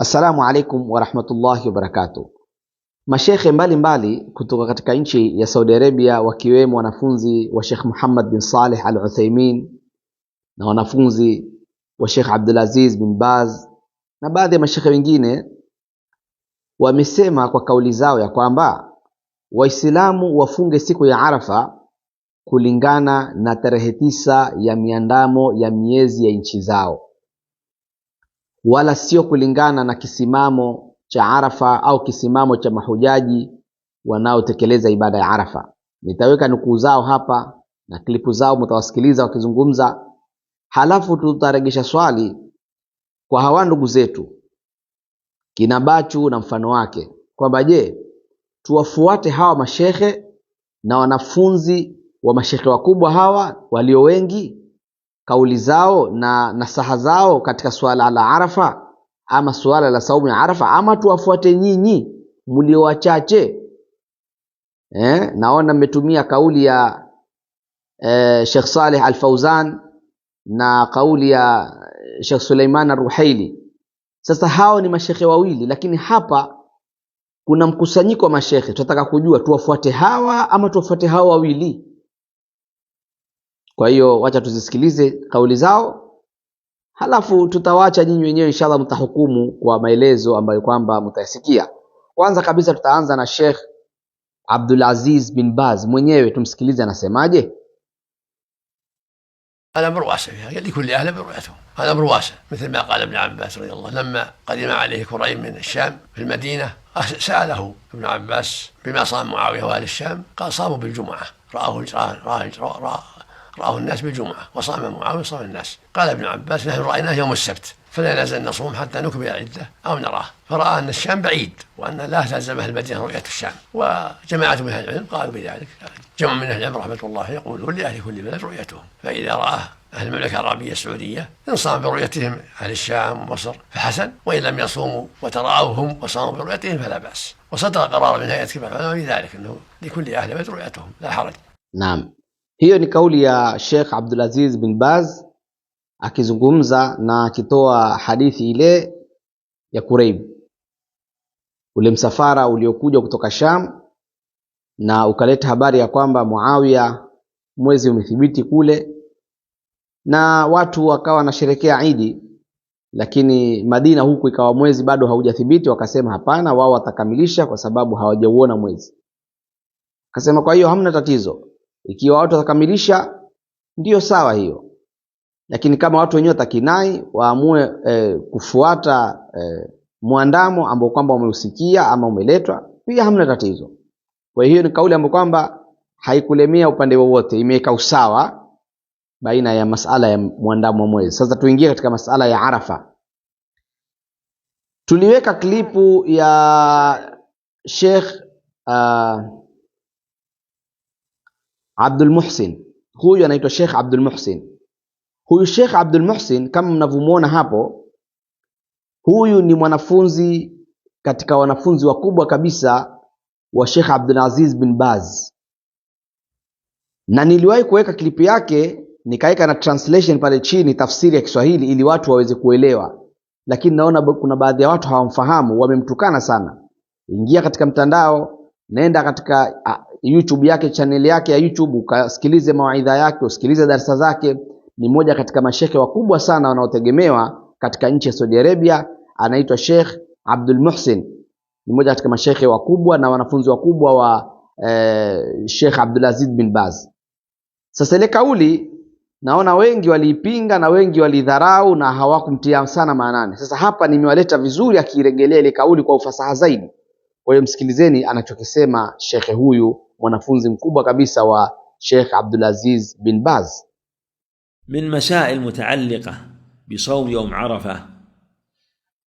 Assalamu alaikum warahmatullahi wabarakatu Mashekhe mbalimbali kutoka katika nchi ya Saudi Arabia wakiwemo wanafunzi wa Sheikh Muhammad bin Saleh Al Uthaimin na wanafunzi wa Sheikh Abdulaziz bin Baz na baadhi ya mashekhe wengine wamesema kwa kauli zao ya kwamba Waislamu wafunge siku ya Arafa kulingana na tarehe tisa ya miandamo ya miezi ya nchi zao wala sio kulingana na kisimamo cha Arafa au kisimamo cha mahujaji wanaotekeleza ibada ya Arafa. Nitaweka nukuu zao hapa na klipu zao, mtawasikiliza wakizungumza, halafu tutaregesha swali kwa hawa ndugu zetu kina Bachu na mfano wake kwamba je, tuwafuate hawa mashehe na wanafunzi wa mashehe wakubwa hawa walio wengi kauli zao na nasaha zao katika suala la Arafa ama suala la saumu ya Arafa ama tuwafuate nyinyi mlio wachache eh? Naona mmetumia kauli ya eh, Sheikh Saleh Al-Fauzan na kauli ya eh, Sheikh Suleiman Ar-Ruhaili. Sasa hao ni mashekhe wawili, lakini hapa kuna mkusanyiko wa mashekhe. Tunataka kujua tuwafuate hawa ama tuwafuate hawa wawili. Kwa hiyo wacha tuzisikilize kauli zao, halafu tutawacha nyinyi wenyewe, inshallah mtahukumu kwa maelezo ambayo kwamba mtayasikia. Kwanza kabisa tutaanza na Sheikh Abdul Aziz bin Baz mwenyewe, tumsikilize anasemaje. الامر واسع في هذا لكل اهل برؤيتهم هذا امر واسع مثل ما قال ابن عباس رضي الله لما قدم عليه كريم من الشام في المدينه ساله ابن عباس بما صام معاويه واهل الشام قال صاموا بالجمعه راه راه رآه الناس بالجمعة وصام معاوية صام الناس قال ابن عباس نحن رأيناه يوم السبت فلا نزل نصوم حتى نكمل العدة أو نراه فرأى أن الشام بعيد وأن لا تلزمه المدينة رؤية الشام وجماعة من أهل العلم قالوا بذلك جمع من أهل العلم رحمة الله يقولون لأهل كل بلد رؤيتهم فإذا رآه أهل المملكة العربية السعودية إن صام برؤيتهم أهل الشام ومصر فحسن وإن لم يصوموا وتراوهم وصاموا برؤيتهم فلا بأس وصدر قرار من هيئة كبار العلماء بذلك أنه لكل أهل بلد رؤيتهم لا حرج نعم Hiyo ni kauli ya Sheikh Abdulaziz bin Baz akizungumza na akitoa hadithi ile ya Kurayb, ule msafara uliokuja kutoka Sham na ukaleta habari ya kwamba Muawiya mwezi umethibiti kule, na watu wakawa wanasherekea Idi, lakini Madina huku ikawa mwezi bado haujathibiti. Wakasema hapana, wao watakamilisha kwa sababu hawajauona mwezi. Akasema kwa hiyo hamna tatizo ikiwa watu watakamilisha ndiyo sawa hiyo, lakini kama watu wenyewe watakinai waamue e, kufuata e, mwandamo ambao kwamba umeusikia ama umeletwa, pia hamna tatizo. Kwa hiyo ni kauli ambayo kwamba haikulemea upande wowote, imeweka usawa baina ya masala ya mwandamo mwezi. Sasa tuingie katika masala ya Arafa. Tuliweka klipu ya Sheikh uh, Abdul Muhsin, huyu anaitwa Sheikh Abdul Muhsin. Huyu Sheikh Abdul Muhsin kama mnavyomwona hapo, huyu ni mwanafunzi katika wanafunzi wakubwa kabisa wa Sheikh Abdul Aziz bin Baz, na niliwahi kuweka klipu yake nikaweka na translation pale chini, tafsiri ya Kiswahili ili watu waweze kuelewa, lakini naona kuna baadhi ya watu hawamfahamu, wamemtukana sana. Ingia katika mtandao, nenda katika YouTube yake channel yake ya YouTube ukasikilize mawaidha yake, usikilize darasa zake. Ni moja katika mashekhe wakubwa sana wanaotegemewa katika nchi ya Saudi Arabia, anaitwa Sheikh Abdul Muhsin. Ni moja katika mashekhe wakubwa na wanafunzi wakubwa wa eh, Sheikh Abdul Aziz bin Baz. Sasa ile kauli naona wengi waliipinga na wengi walidharau na hawakumtia sana maanani. Sasa hapa nimewaleta vizuri, akiregelea ile kauli kwa ufasaha zaidi. Kwa hiyo msikilizeni anachokisema shekhe huyu mwanafunzi mkubwa kabisa wa Sheikh Aziz bin Baz. من مسائل متعلقة بصوم يوم عرفة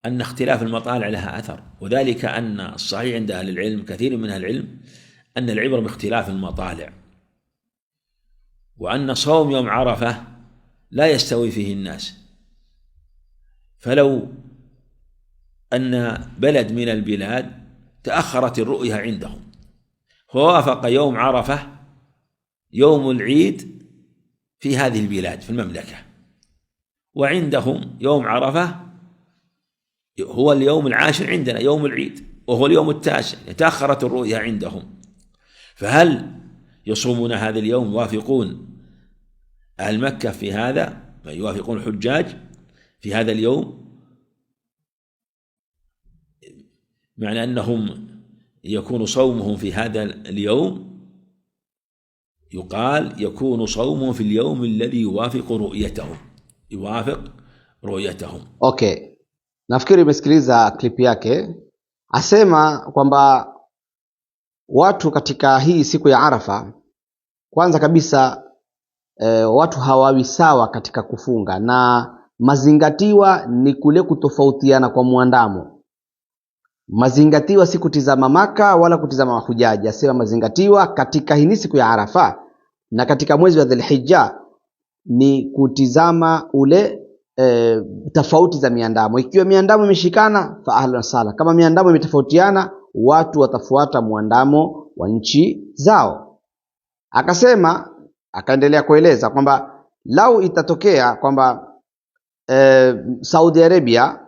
أن اختلاف المطالع لها أثر وذلك أن الصحيح عند أهل العلم كثير من أهل العلم أن العبرة باختلاف المطالع وأن صوم يوم عرفة لا يستوي فيه الناس فلو أن بلد من البلاد تأخرت الرؤية عندهم وافق يوم عرفة يوم العيد في هذه البلاد في المملكة وعندهم يوم عرفة هو اليوم العاشر عندنا يوم العيد وهو اليوم التاسع تأخرت الرؤيا عندهم فهل يصومون هذا اليوم يوافقون أهل مكة في هذا ما يوافقون الحجاج في هذا اليوم معنى أنهم يكون صومهم في هذا اليوم يقال يكون صومهم في اليوم الذي يوافق رؤيتهم يوافق رؤيتهم اوكي Nafikiri umesikiliza clip yake, asema kwamba watu katika hii siku ya Arafa, kwanza kabisa e, watu hawawi sawa katika kufunga, na mazingatiwa ni kule kutofautiana kwa muandamo Mazingatiwa si kutizama Maka wala kutizama mahujaji, asema mazingatiwa katika hii siku ya Arafa na katika mwezi wa Dhulhijja ni kutizama ule e, tofauti za miandamo. Ikiwa miandamo imeshikana fa ahlan sala, kama miandamo imetofautiana, watu watafuata muandamo wa nchi zao. Akasema, akaendelea kueleza kwamba lau itatokea kwamba e, Saudi Arabia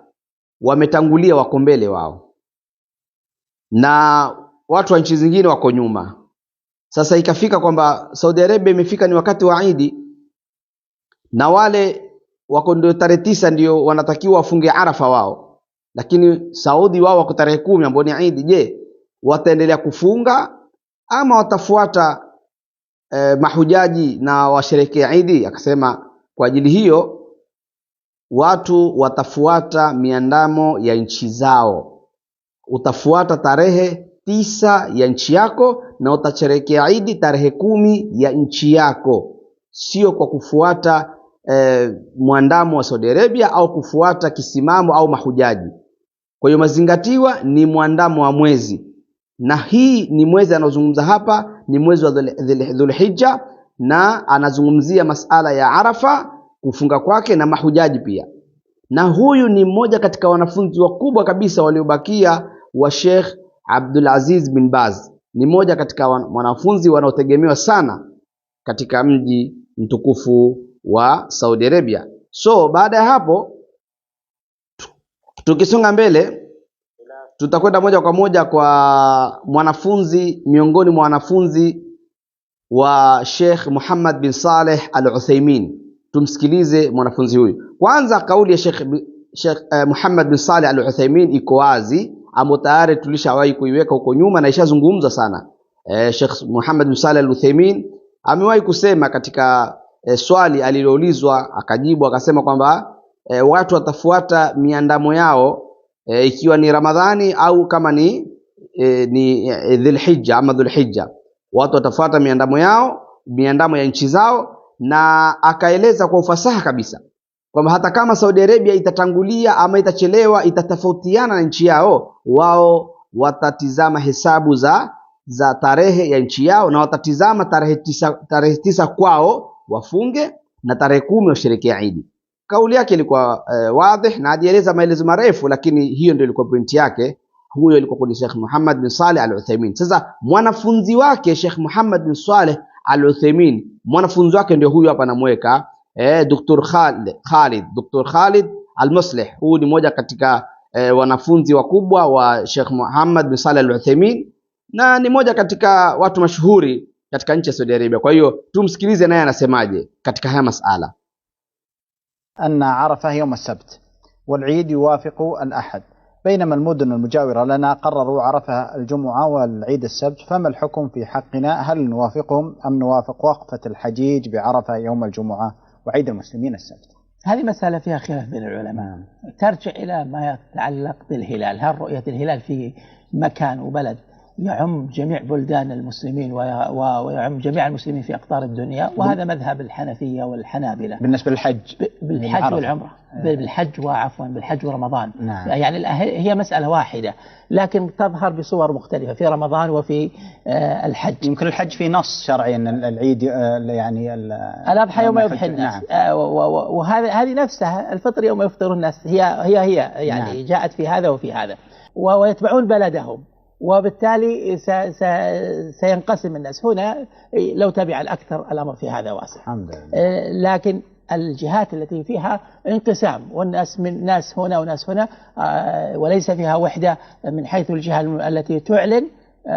wametangulia, wako mbele wao na watu wa nchi zingine wako nyuma. Sasa ikafika kwamba Saudi Arabia imefika ni wakati wa Idi, na wale wako ndio tarehe tisa ndio wanatakiwa wafunge Arafa wao, lakini Saudi wao wako tarehe kumi ambao ni Idi. Je, wataendelea kufunga ama watafuata eh, mahujaji na washerekea Idi? Akasema kwa ajili hiyo watu watafuata miandamo ya nchi zao utafuata tarehe tisa ya nchi yako na utacherekea Idi tarehe kumi ya nchi yako, sio kwa kufuata eh, mwandamo wa Saudi Arabia au kufuata kisimamo au mahujaji. Kwa hiyo mazingatiwa ni mwandamo wa mwezi, na hii ni mwezi anaozungumza hapa ni mwezi wa Dhulhijja, na anazungumzia masala ya Arafa kufunga kwake na mahujaji pia, na huyu ni mmoja katika wanafunzi wakubwa kabisa waliobakia wa Sheikh Abdul Aziz bin Baz. Ni moja katika wanafunzi wanaotegemewa sana katika mji mtukufu wa Saudi Arabia. So baada ya hapo tukisonga mbele tutakwenda moja kwa moja kwa mwanafunzi miongoni mwa wanafunzi wa Sheikh Muhammad bin Saleh Al-Uthaymeen. Tumsikilize mwanafunzi huyu. Kwanza kauli ya Sheikh Sheikh eh, Muhammad bin Saleh Al-Uthaymeen iko wazi ambao tayari tulishawahi kuiweka huko nyuma na ishazungumza sana. E, Sheikh Muhammad bin Saleh Al-Uthaymeen amewahi kusema katika e, swali aliloulizwa akajibu akasema kwamba e, watu watafuata miandamo yao e, ikiwa ni Ramadhani au kama ni e, ni e, Dhulhijja ama Dhulhijja, watu watafuata miandamo yao miandamo ya nchi zao, na akaeleza kwa ufasaha kabisa kwamba hata kama Saudi Arabia itatangulia ama itachelewa, itatofautiana na nchi yao wao watatizama hesabu za za tarehe ya nchi yao, na watatizama tarehe tisa, tarehe tisa kwao wafunge na tarehe kumi washerekea Idi. Kauli yake ilikuwa e, eh, wadhi na ajieleza maelezo marefu, lakini hiyo ndio ilikuwa pointi yake. Huyo ilikuwa kwa Sheikh Muhammad bin Saleh Al Uthaymeen. Sasa mwanafunzi wake Sheikh Muhammad bin Saleh Al Uthaymeen, mwanafunzi wake ndio huyu hapa namweka, eh, Dr. Khalid Khalid Dr. Khalid Al Musleh, Huyu ni moja katika wanafunzi wakubwa wa Sheikh Muhammad bin Saleh Al-Uthaymeen na ni moja katika watu mashuhuri katika nchi ya Saudi Arabia. Kwa hiyo tumsikilize naye anasemaje katika haya masala. Anna arafa yawm as-sabt wal-eid yuwafiqu al-ahad بينما المدن المجاورة لنا قرروا عرفها الجمعة والعيد السبت فما الحكم في حقنا هل نوافقهم أم نوافق وقفة الحجيج بعرفة يوم الجمعة وعيد المسلمين السبت هذه مسألة فيها خلاف بين العلماء نعم. ترجع إلى ما يتعلق بالهلال هل رؤية الهلال في مكان وبلد يعم جميع بلدان المسلمين ويعم جميع المسلمين في أقطار الدنيا وهذا مذهب الحنفية والحنابلة بالنسبة للحج بالحج والعمرة إيه. بالحج وعفوا بالحج ورمضان نعم. يعني هي مسألة واحدة لكن تظهر بصور مختلفة في رمضان وفي آه، الحج يمكن الحج في نص شرعي أن العيد آه، يعني الأضحى يوم آه، يضحي الناس نعم. وهذه هذه نفسها الفطر يوم يفطر الناس هي هي هي يعني نعم. جاءت في هذا وفي هذا ويتبعون بلدهم وبالتالي سينقسم الناس هنا لو تبع الأكثر الأمر في هذا واسع الحمد لله. لكن الجهات التي فيها انقسام والناس من ناس هنا وناس هنا آه، وليس فيها وحدة من حيث الجهة التي تعلن آه،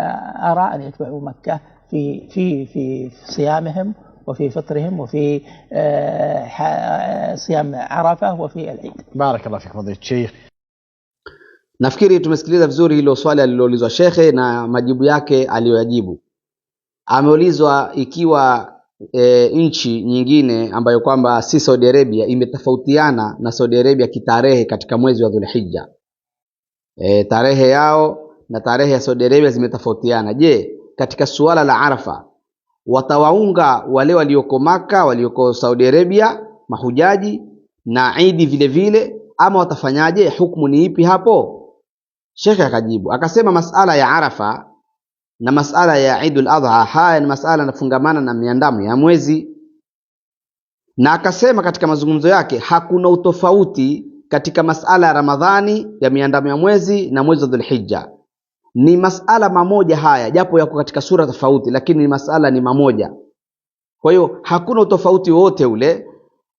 أرى أن يتبعوا مكة في في في صيامهم وفي فطرهم وفي آه، صيام عرفة وفي العيد بارك الله فيك فضيلة الشيخ Nafikiri tumesikiliza vizuri hilo swali aliloulizwa shekhe na majibu yake aliyoyajibu. Ameulizwa ikiwa e, nchi nyingine ambayo kwamba si Saudi Arabia imetofautiana na Saudi Arabia kitarehe katika mwezi wa Dhulhijja. E, tarehe yao na tarehe ya Saudi Arabia zimetofautiana. Je, katika suala la Arafa watawaunga wale walioko Maka, walioko Saudi Arabia mahujaji na idi vile vile, ama watafanyaje? Hukumu ni ipi hapo? Shekhe akajibu akasema, masala ya Arafa na masala ya Idul Adha, haya ni masala yanafungamana na miandamo ya mwezi, na akasema katika mazungumzo yake hakuna utofauti katika masala ya Ramadhani ya miandamo ya mwezi na mwezi wa Dhulhijja. Ni masala mamoja haya, japo yako katika sura tofauti, lakini masala ni mamoja. Kwa hiyo hakuna utofauti wowote ule.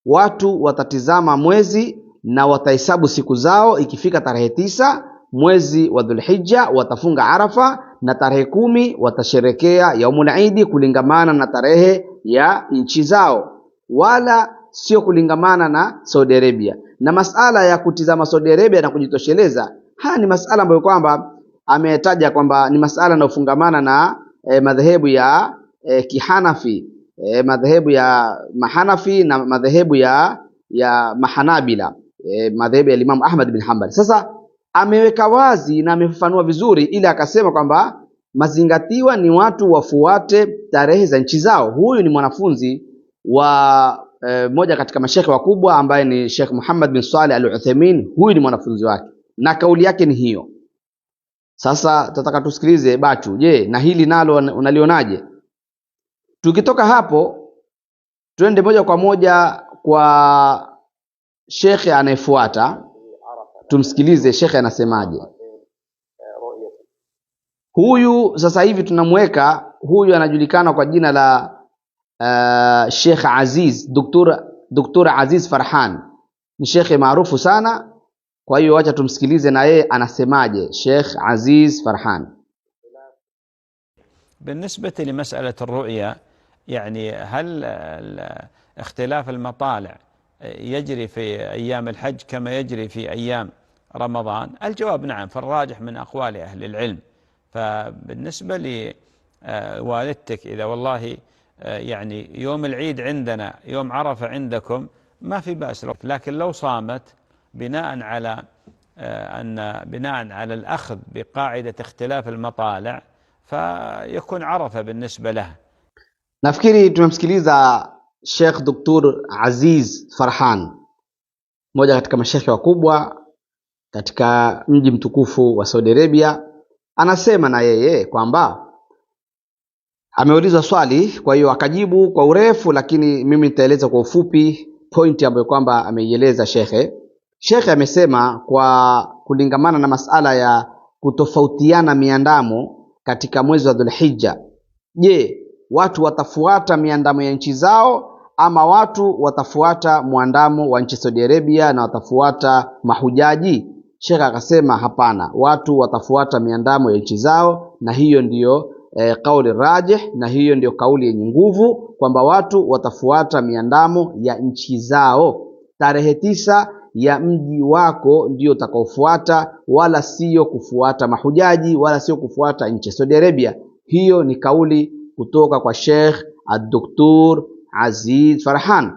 Watu watatizama mwezi na watahesabu siku zao, ikifika tarehe tisa mwezi wa Dhulhijja watafunga Arafa na tarehe kumi watasherekea yaumul idi kulingamana na tarehe ya nchi zao, wala sio kulingamana na Saudi Arabia. Na masala ya kutizama Saudi Arabia na kujitosheleza, haya ni masala ambayo kwamba ametaja kwamba ni masala yanayofungamana na e, madhehebu ya e, kihanafi e, madhehebu ya mahanafi na madhehebu ya ya mahanabila e, madhehebu ya Imam Ahmad bin Hanbal. Sasa ameweka wazi na amefafanua vizuri, ili akasema kwamba mazingatiwa ni watu wafuate tarehe za nchi zao. Huyu ni mwanafunzi wa e, moja katika mashekhe wakubwa ambaye ni Sheikh Muhammad bin Saleh Al Uthaymeen. Huyu ni mwanafunzi wake na kauli yake ni hiyo. Sasa tutataka tusikilize Bachu. Je, na hili nalo unalionaje? Tukitoka hapo tuende moja kwa moja kwa shekhe anayefuata tumsikilize shekhe anasemaje. Huyu sasa hivi tunamweka huyu, anajulikana kwa jina la uh, Sheikh Aziz Doktor Doktor Aziz Farhan, ni shekhe maarufu sana. Kwa hiyo wacha tumsikilize na yeye anasemaje, Sheikh Aziz Farhan. بالنسبة لمسألة الرؤية يعني هل اختلاف المطالع يجري في أيام الحج كما يجري في أيام رمضان الجواب نعم فالراجح من أقوال أهل العلم فبالنسبة لوالدتك إذا والله آه، يعني يوم العيد عندنا يوم عرفة عندكم ما في بأس لكن لو صامت بناء على آه، أن بناء على الأخذ بقاعدة اختلاف المطالع فيكون عرفة بالنسبة له nafikiri tumemsikiliza شيخ دكتور عزيز فرحان mmoja katika mashekhe wakubwa katika mji mtukufu wa Saudi Arabia, anasema na yeye kwamba ameulizwa swali, kwa hiyo akajibu kwa urefu, lakini mimi nitaeleza kwa ufupi pointi ambayo kwamba ameieleza shekhe. Shekhe amesema kwa kulingamana na masala ya kutofautiana miandamo katika mwezi wa Dhulhijja, je, watu watafuata miandamo ya nchi zao ama watu watafuata mwandamo wa nchi Saudi Arabia na watafuata mahujaji? Sheikh akasema hapana, watu watafuata miandamo ya nchi zao, na hiyo ndiyo e, kauli rajih, na hiyo ndiyo kauli yenye nguvu kwamba watu watafuata miandamo ya nchi zao. Tarehe tisa ya mji wako ndio utakaofuata, wala sio kufuata mahujaji wala sio kufuata nchi Saudi Arabia. Hiyo ni kauli kutoka kwa Sheikh ad Aziz Farhan.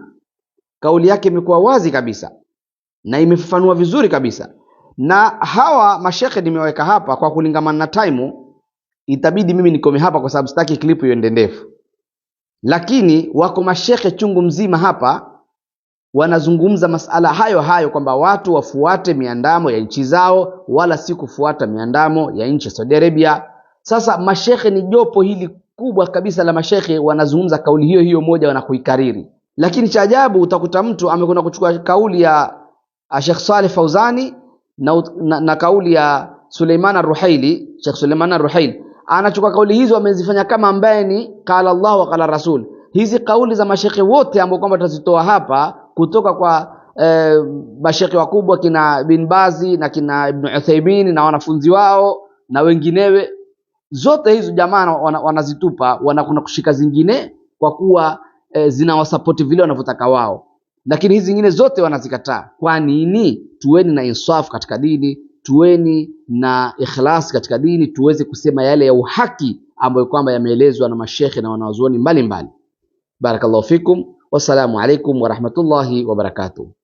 Kauli yake imekuwa wazi kabisa na imefafanua vizuri kabisa na hawa mashekhe nimeweka hapa kwa kulingamana na time. Itabidi mimi nikome hapa kwa sababu sitaki clip iende ndefu, lakini wako mashekhe chungu mzima hapa wanazungumza masala hayo hayo kwamba watu wafuate miandamo ya nchi zao wala si kufuata miandamo ya nchi ya Saudi Arabia. Sasa mashekhe ni jopo hili kubwa kabisa la mashekhe wanazungumza kauli hiyo hiyo moja, wanakuikariri. Lakini cha ajabu utakuta mtu amekwenda kuchukua kauli ya Sheikh Saleh Fauzani na, na, na kauli ya Suleiman ruhaili Sheikh Suleiman ruhaili anachukua kauli hizo amezifanya kama ambaye ni kala Allah wa kala Rasul. Hizi kauli za mashekhe wote ambao kwamba tutazitoa hapa kutoka kwa e, eh, mashekhe wakubwa kina Bin Bazi na kina Ibn Uthaymeen na wanafunzi wao na wenginewe, zote hizo jamaa wanazitupa wana, wana, wana kushika zingine kwa kuwa e, eh, zinawasapoti vile wanavyotaka wao lakini hizi zingine zote wanazikataa. Kwa nini? Tuweni na insafu katika dini, tuweni na ikhlasi katika dini, tuweze kusema yale ya uhaki ambayo kwamba yameelezwa na mashekhe na wanawazuoni mbalimbali. Barakallahu fikum, wassalamu alaikum warahmatullahi wabarakatuh.